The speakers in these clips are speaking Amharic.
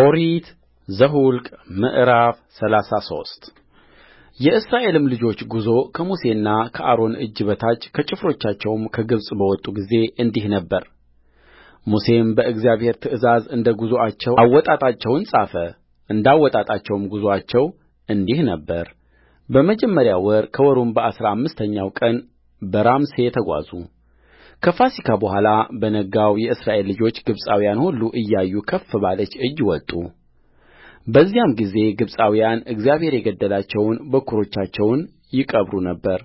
ኦሪት ዘኍልቍ ምዕራፍ ሰላሳ ሶስት የእስራኤልም ልጆች ጉዞ ከሙሴና ከአሮን እጅ በታች ከጭፍሮቻቸውም ከግብፅ በወጡ ጊዜ እንዲህ ሙሴም በእግዚአብሔር ትእዛዝ እንደ ጕዞአቸው አወጣጣቸውን ጻፈ እንደ አወጣጣቸውም ጕዞአቸው እንዲህ ነበረ በመጀመሪያው ወር ከወሩም በአሥራ አምስተኛው ቀን በራምሴ ተጓዙ ከፋሲካ በኋላ በነጋው የእስራኤል ልጆች ግብፃውያን ሁሉ እያዩ ከፍ ባለች እጅ ወጡ በዚያም ጊዜ ግብፃውያን እግዚአብሔር የገደላቸውን በኵሮቻቸውን ይቀብሩ ነበር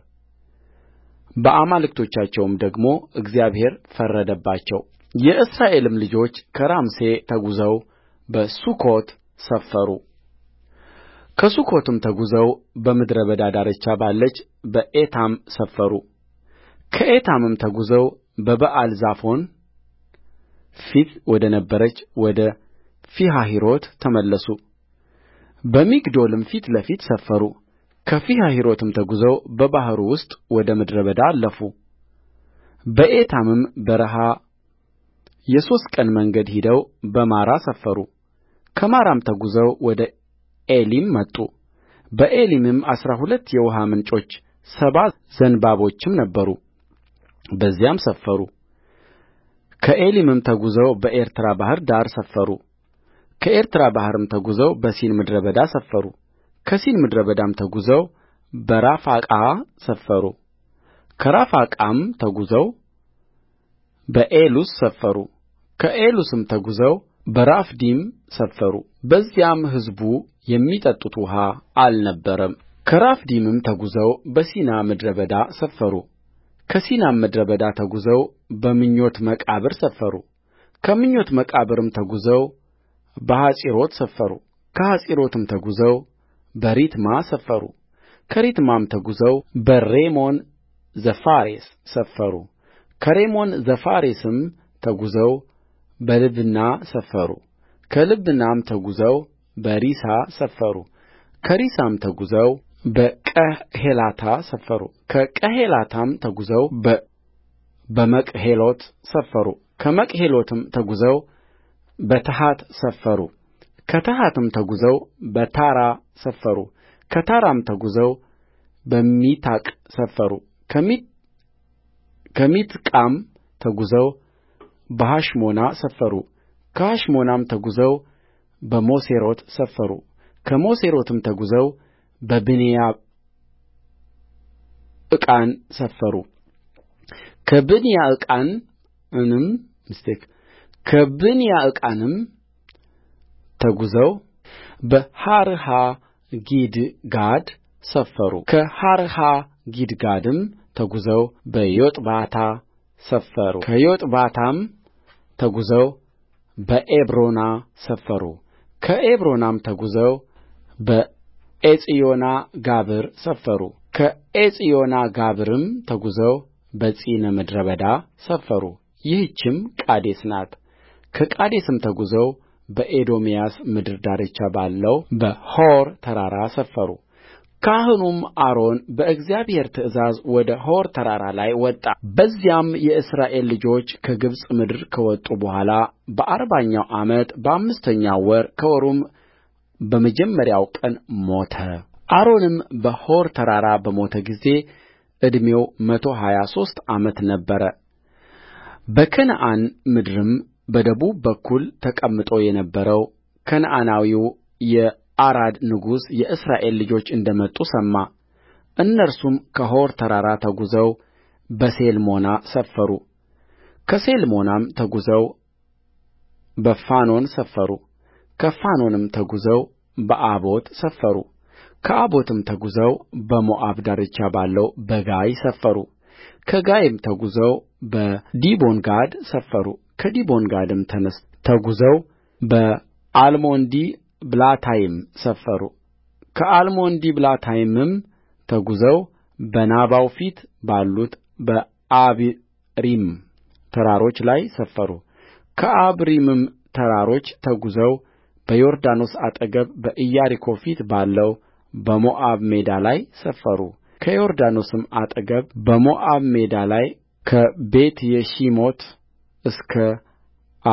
በአማልክቶቻቸውም ደግሞ እግዚአብሔር ፈረደባቸው። የእስራኤልም ልጆች ከራምሴ ተጕዘው በሱኮት ሰፈሩ ከሱኮትም ተጕዘው በምድረ በዳ ዳርቻ ባለች በኤታም ሰፈሩ ከኤታምም ተጕዘው በበኣልዛፎን ፊት ወደ ነበረች ወደ ፊሀሒሮት ተመለሱ በሚግዶልም ፊት ለፊት ሰፈሩ ሰፈሩከፊሀሒሮትም ተጕዘው በባሕሩ ውስጥ ወደ ምድረ በዳ አለፉ በኤታምም በረሃ የሦስት ቀን መንገድ ሄደው በማራ ሰፈሩ ከማራም ተጕዘው ወደ ኤሊም መጡ በኤሊምም አሥራ ሁለት የውኃ ምንጮች ሰባ ዘንባቦችም ነበሩ በዚያም ሰፈሩከኤሊምም ተጕዘው በኤርትራ ባሕር ዳር ሰፈሩከኤርትራ ባሕርም ተጕዘው በሲን ምድረ በዳ ሰፈሩከሲን ምድረ በዳም ተጕዘው በራፋቃ ሰፈሩከራፋቃም ተጕዘው በኤሉስ ሰፈሩከኤሉስም ተጕዘው በራፊዲም ሰፈሩበዚያም ሕዝቡ የሚጠጡት ውኃ አልነበረምከራፊዲምም ተጕዘው በሲና ምድረ በዳ ሰፈሩ ከሲናም ምድረ በዳ ተጕዘው በምኞት መቃብር ሰፈሩከምኞት መቃብርም ተጕዘው በሐጼሮት ሰፈሩከሐጼሮትም ተጕዘው በሪትማ ሰፈሩከሪትማም ተጕዘው በሬሞን ዘፋሬስ ሰፈሩከሬሞን ዘፋሬስም ተጕዘው በልብና ሰፈሩከልብናም ተጕዘው በሪሳ ሰፈሩከሪሳም ተጕዘው በቀሄላታ ከቀሄላታም ተጕዘው በመቅሄሎት ተጉዘው ተጕዘው በታሐት ሰፈሩከታሐትም ተጕዘው በታራ ሰፈሩከታራም ተጕዘው በሚትቃ ሰፈሩከሚትቃም ተጕዘው በሐሽሞና ሰፈሩከሐሽሞናም ተጕዘው በሞሴሮት ሰፈሩከሞሴሮትም ተጕዘው በብንያ ዕቃን ሰፈሩ ከብኔያዕቃንም ተጕዘው በሖርሃጊድጋድ ሰፈሩከሖርሃጊድጋድም ተጕዘው በዮጥባታ በኤብሮና ተጕዘው በዔብሮና ተጉዘው ተጕዘው በዔጽዮንጋብር ሰፈሩ ከዔጽዮንጋብርም ተጕዘው በጺን ምድረ በዳ ሰፈሩ ይህችም ቃዴስ ከቃዴስም ተጕዘው በኤዶምያስ ምድር ዳርቻ ባለው በሖር ተራራ ሰፈሩካህኑም አሮን በእግዚአብሔር ትእዛዝ ወደ ሖር ተራራ ላይ ወጣ በዚያም የእስራኤል ልጆች ከግብፅ ምድር ከወጡ በኋላ በአርባኛው ዓመት በአምስተኛው ወር ከወሩም በመጀመሪያው ቀን ሞተ አሮንም በሖር ተራራ በሞተ ጊዜ ዕድሜው መቶ ሀያ ሦስት ዓመት ነበረ በከነዓን ምድርም በደቡብ በኩል ተቀምጦ የነበረው ከነዓናዊው የአራድ ንጉሥ የእስራኤል ልጆች እንደ መጡ ሰማ እነርሱም ከሖር ተራራ ተጕዘው በሴልሞና ሰፈሩ ከሴልሞናም ተጕዘው በፋኖን ሰፈሩ ከፋኖንም ተጕዘው በኦቦት ሰፈሩ ከኦቦትም ተጕዘው በሞዓብ ዳርቻ ባለው በጋይ ሰፈሩከጋይም ተጕዘው በዲቦንጋድ ሰፈሩከዲቦንጋድም ተጕዘው ከአልሞንዲ ብላታይምም ተጕዘው በናባው ፊት ባሉት በአብሪም ተራሮች ላይ ሰፈሩከአብሪምም ተራሮች ተጕዘው በዮርዳኖስ አጠገብ በኢያሪኮ ፊት ባለው በሞዓብ ሜዳ ላይ ሰፈሩከዮርዳኖስም አጠገብ በሞዓብ ሜዳ ላይ ከቤትየሺሞት እስከ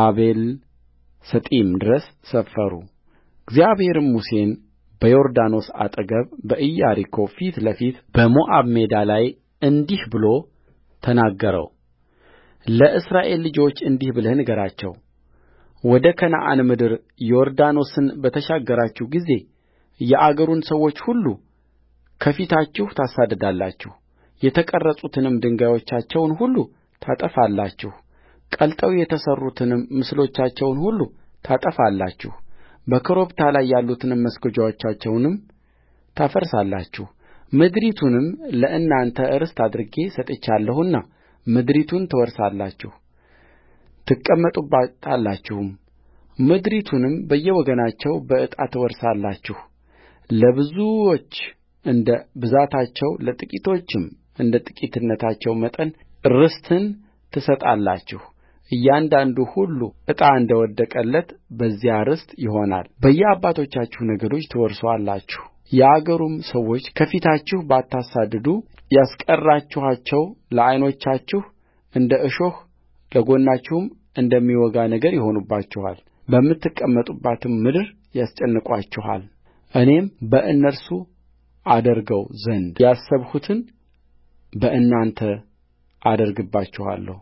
አቤልሰጢም ድረስ ሰፈሩእግዚአብሔርም ሙሴን በዮርዳኖስ አጠገብ በኢያሪኮ ፊት ለፊት በሞዓብ ሜዳ ላይ እንዲህ ብሎ ተናገረው ለእስራኤል ልጆች እንዲህ ብለህ ንገራቸው ወደ ከነዓን ምድር ዮርዳኖስን በተሻገራችሁ ጊዜ የአገሩን ሰዎች ሁሉ ከፊታችሁ ታሳድዳላችሁ የተቀረጹትንም ድንጋዮቻቸውን ሁሉ ታጠፋላችሁ ቀልጠው የተሠሩትንም ምስሎቻቸውን ሁሉ ታጠፋላችሁ በኮረብታ ላይ ያሉትን መስገጃዎቻቸውንም ታፈርሳላችሁ ምድሪቱንም ለእናንተ ርስት አድርጌ ሰጥቼአችኋለሁና ምድሪቱን ትወርሳላችሁ ትቀመጡባታላችሁም ምድሪቱንም በየወገናቸው በዕጣ ትወርሳላችሁ ለብዙዎች እንደ ብዛታቸው ለጥቂቶችም እንደ ጥቂትነታቸው መጠን ርስትን ትሰጣላችሁ እያንዳንዱ ሁሉ ዕጣ እንደ ወደቀለት በዚያ ርስት ይሆናል በየአባቶቻችሁ ነገዶች የአገሩም ሰዎች ከፊታችሁ ባታሳድዱ ያስቀራችኋቸው ለዓይኖቻችሁ እንደ እሾህ ለጎናችሁም እንደሚወጋ ነገር ይሆኑባችኋል በምትቀመጡባትም ምድር ያስጨንቋችኋል እኔም በእነርሱ አደርገው ዘንድ ያሰብሁትን በእናንተ አደርግባችኋለሁ